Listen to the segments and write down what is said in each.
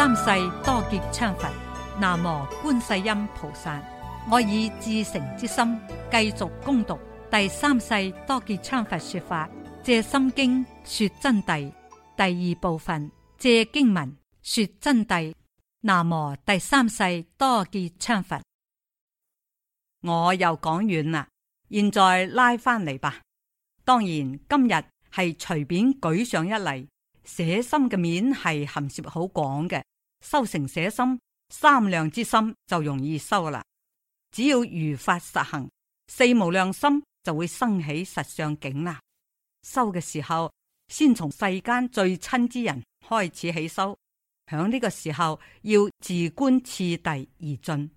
三世多杰羌佛，南無觀世音菩薩。我以至誠之心繼續攻讀第三世多杰羌佛說法，借心經說真諦第二部分，借經文說真諦。南無第三世多杰羌佛。我又講遠啦，現在拉翻嚟吧。當然今日係隨便舉上一例，寫心嘅面係含涉好廣嘅。修成捨心三量之心就容易修啦。只要如法實行四無量心，就會生起實相境啦。修嘅時候，先從世間最親之人開始起修。響呢個時候要自觀次第而進。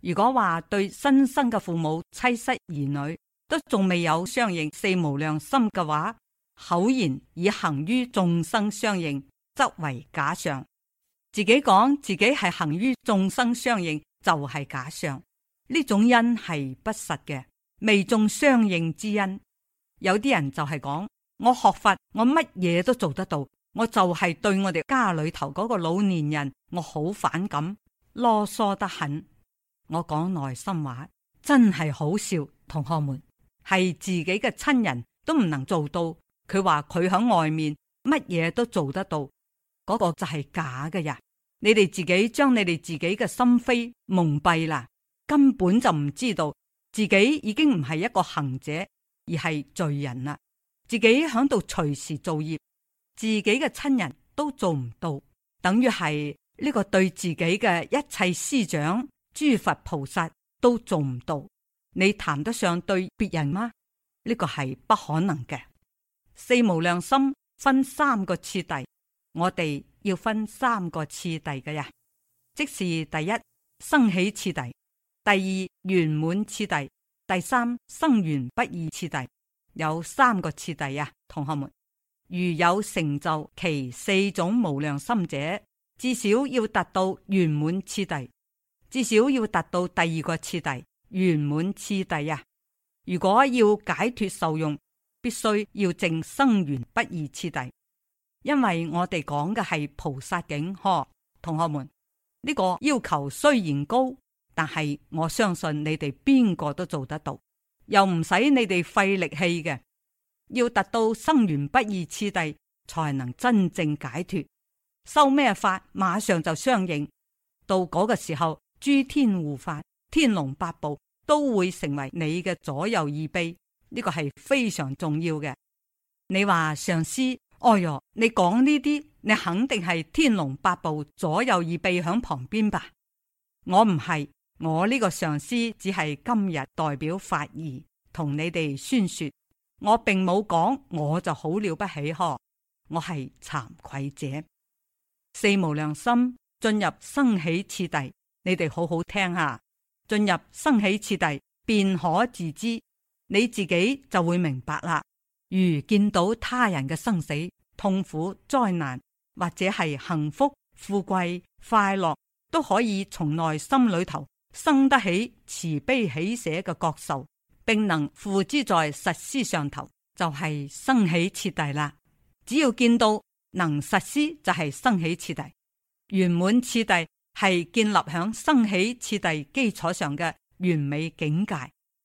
如果話對新生嘅父母、妻室、兒女都仲未有相應四無量心嘅話，口言以行於眾生相應，則為假相。自己講自己係行於眾生相應就係、是、假相，呢種因係不實嘅，未中相應之因。有啲人就係講我學佛，我乜嘢都做得到，我就係對我哋家裏頭嗰個老年人，我好反感，囉嗦得很。我講內心話，真係好笑。同學們係自己嘅親人都唔能做到，佢話佢喺外面乜嘢都做得到。嗰個就係假嘅呀！你哋自己將你哋自己嘅心扉蒙蔽啦，根本就唔知道自己已經唔係一個行者，而係罪人啦。自己喺度隨時造業，自己嘅親人都做唔到，等於係呢個對自己嘅一切師長、諸佛菩薩都做唔到。你談得上對別人嗎？呢個係不可能嘅。四無量心分三個次第。我哋要分三個次第嘅呀，即是第一生起次第，第二圓滿次第，第三生圓不二次第，有三個次第呀，同學們，如有成就其四種無量心者，至少要達到圓滿次第，至少要達到第二個次第，圓滿次第呀，如果要解脫受用，必須要證生圓不二次第。因為我哋講嘅係菩薩境，嗬，同學們，呢個要求雖然高，但係我相信你哋邊個都做得到，又唔使你哋費力氣嘅。要達到生緣不二次第，才能真正解脫。修咩法馬上就相應，到嗰個時候，諸天護法、天龍八部都會成為你嘅左右二臂，呢個係非常重要嘅。你話上司？哎喲，你講呢啲，你肯定係天龍八部左右耳鼻響旁邊吧？我唔係，我呢個上師只係今日代表法義同你哋宣說，我並冇講我就好了不起呵，我係慚愧者，四無量心進入生起次第，你哋好好聽下，進入生起次第便可自知，你自己就會明白啦。如見到他人嘅生死。痛苦、災難或者係幸福、富貴、快樂，都可以從內心裏頭生得起慈悲喜捨嘅覺受，並能付之在實施上頭，就係生起次第啦。只要見到能實施，就係生起次第。圓滿次第係建立響生起次第基礎上嘅完美境界，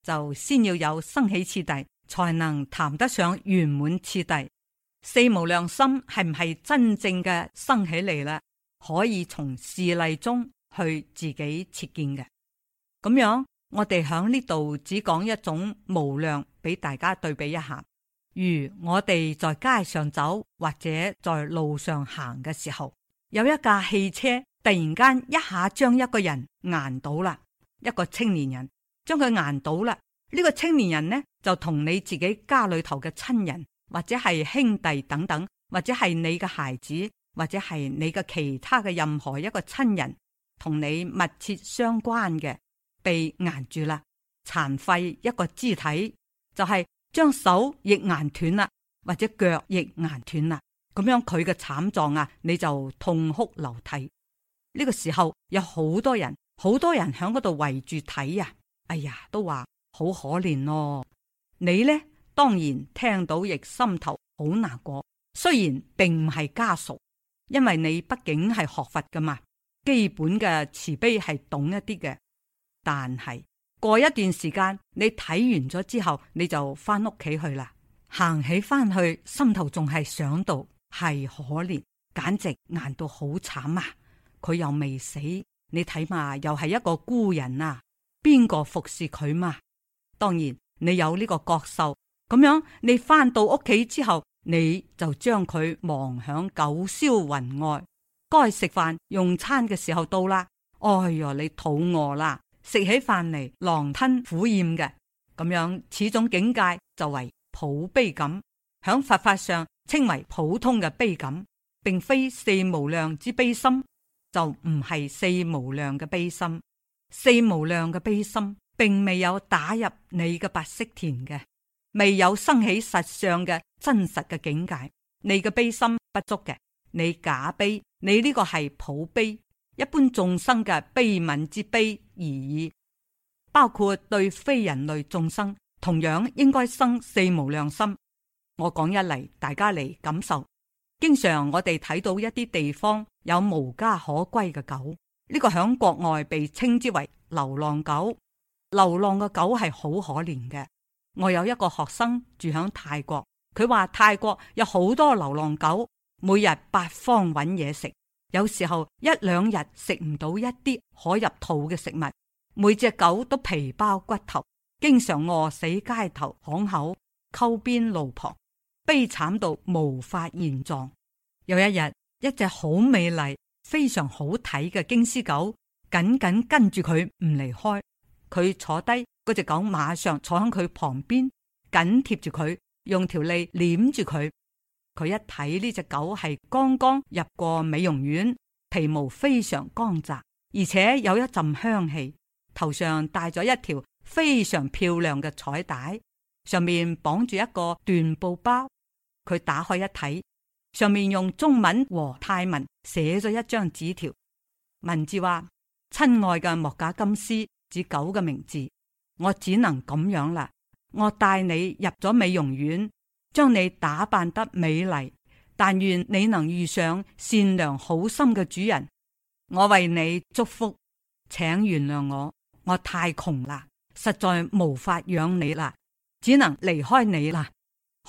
就先要有生起次第，才能談得上圓滿次第。四無量心係唔係真正嘅生起嚟呢？可以從事例中去自己設見嘅。咁樣，我哋響呢度只講一種無量俾大家對比一下。如我哋在街上走或者在路上行嘅時候，有一架汽車突然間一下將一個人岩倒啦，一個青年人將佢岩倒啦。呢、這個青年人呢就同你自己家裏頭嘅親人，或者係兄弟等等，或者係你嘅孩子，或者係你嘅其他嘅任何一個親人，同你密切相關嘅，被岩住啦，殘廢一個肢體，就係、是、將手亦岩斷啦，或者腳亦岩斷啦，咁樣佢嘅慘狀啊，你就痛哭流涕。呢、這個時候有好多人，好多人喺嗰度圍住睇啊，哎呀，都話好可憐囉。你呢？當然聽到亦心頭好難過，雖然並唔係家屬，因為你畢竟係學佛噶嘛，基本嘅慈悲係懂一啲嘅。但係過一段時間，你睇完咗之後，你就翻屋企去啦，行起翻去，心頭仲係想到係可憐，簡直難到好慘啊！佢又未死，你睇嘛，又係一個孤人啊，邊個服侍佢嘛？當然你有呢個角色。咁樣，你返到屋企之後，你就將佢望響九霄雲外。該食飯用餐嘅時候到啦，哎呀，你肚餓啦，食起飯嚟狼吞虎咽嘅。咁樣此種境界就為普悲感，響佛法，法上稱為普通嘅悲感，並非四無量之悲心，就唔係四無量嘅悲心。四無量嘅悲心，悲心並未有打入你嘅白色田嘅。未有生起實相嘅真實嘅境界，你嘅悲心不足嘅，你假悲，你呢個係普悲，一般眾生嘅悲憫之悲而已。包括對非人類眾生，同樣應該生四無量心。我講一嚟，大家嚟感受。經常我哋睇到一啲地方有無家可歸嘅狗，呢個響國外被稱之為流浪狗。流浪嘅狗係好可憐嘅。我有一個學生住喺泰國，佢話泰國有好多流浪狗，每日八方揾嘢食，有時候一兩日食唔到一啲可入肚嘅食物，每隻狗都皮包骨頭，經常餓死街頭巷口、溝邊路旁，悲慘到無法言狀。有一日，一隻好美麗、非常好睇嘅京斯狗緊緊跟住佢唔離開，佢坐低。嗰隻狗馬上坐喺佢旁邊，緊貼住佢，用條脷舐住佢。佢一睇呢隻狗係剛剛入過美容院，皮毛非常光澤，而且有一陣香氣。頭上戴咗一條非常漂亮嘅彩帶，上面綁住一個緞布包。佢打開一睇，上面用中文和泰文寫咗一張紙條，文字話：親愛嘅莫賈金斯，指狗嘅名字。我只能咁樣啦，我帶你入咗美容院，將你打扮得美麗，但願你能遇上善良好心嘅主人。我為你祝福，請原諒我，我太窮啦，實在無法養你啦，只能離開你啦。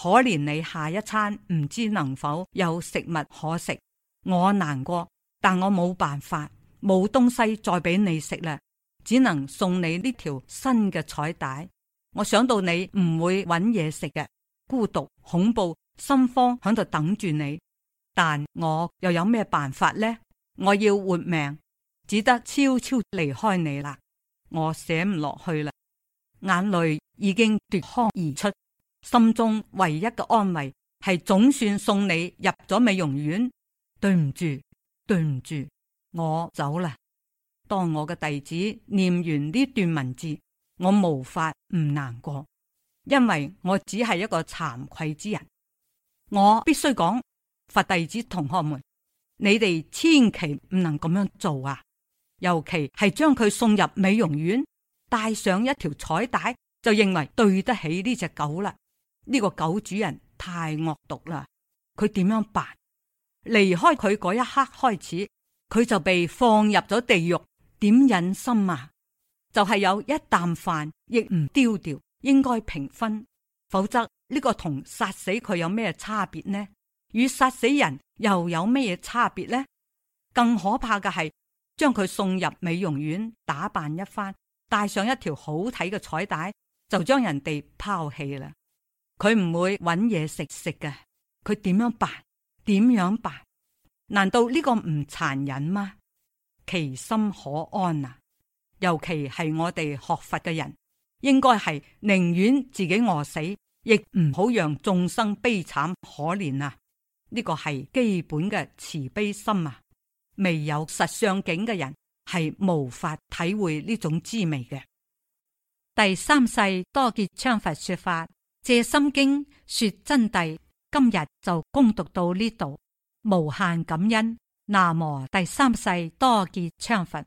可憐你下一餐唔知能否有食物可食，我難過，但我冇辦法，冇東西再俾你食啦。只能送你呢條新嘅彩帶，我想到你唔會揾嘢食嘅孤獨、恐怖、心慌響度等住你，但我又有咩辦法呢？我要活命，只得悄悄離開你啦。我寫唔落去啦，眼淚已經奪眶而出，心中唯一嘅安慰係總算送你入咗美容院。對唔住，對唔住，我走啦。當我嘅弟子念完呢段文字，我無法唔難過，因為我只係一個慚愧之人。我必須講，佛弟子同學們，你哋千祈唔能咁樣做啊！尤其係將佢送入美容院，戴上一條彩帶，就認為對得起呢隻狗啦。呢個狗主人太惡毒啦！佢點樣辦？離開佢嗰一刻開始，佢就被放入咗地獄。點忍心啊！就係有一啖飯亦唔丟掉，應該平分，否則呢個同殺死佢有咩差別呢？與殺死人又有咩嘢差別呢？更可怕嘅係將佢送入美容院，打扮一番，戴上一條好睇嘅彩帶，就將人哋拋棄啦。佢唔會揾嘢食食嘅，佢點樣辦？點樣辦？難道呢個唔殘忍嗎？其心可安啊！尤其係我哋學佛嘅人，應該係寧願自己餓死，亦唔好讓眾生悲慘可憐啊！呢個係基本嘅慈悲心啊！未有實相境嘅人係無法體會呢種滋味嘅。第三世多杰羌佛說法《借心經》說真諦，今日就恭讀到呢度，無限感恩。南無第三世多杰羌佛。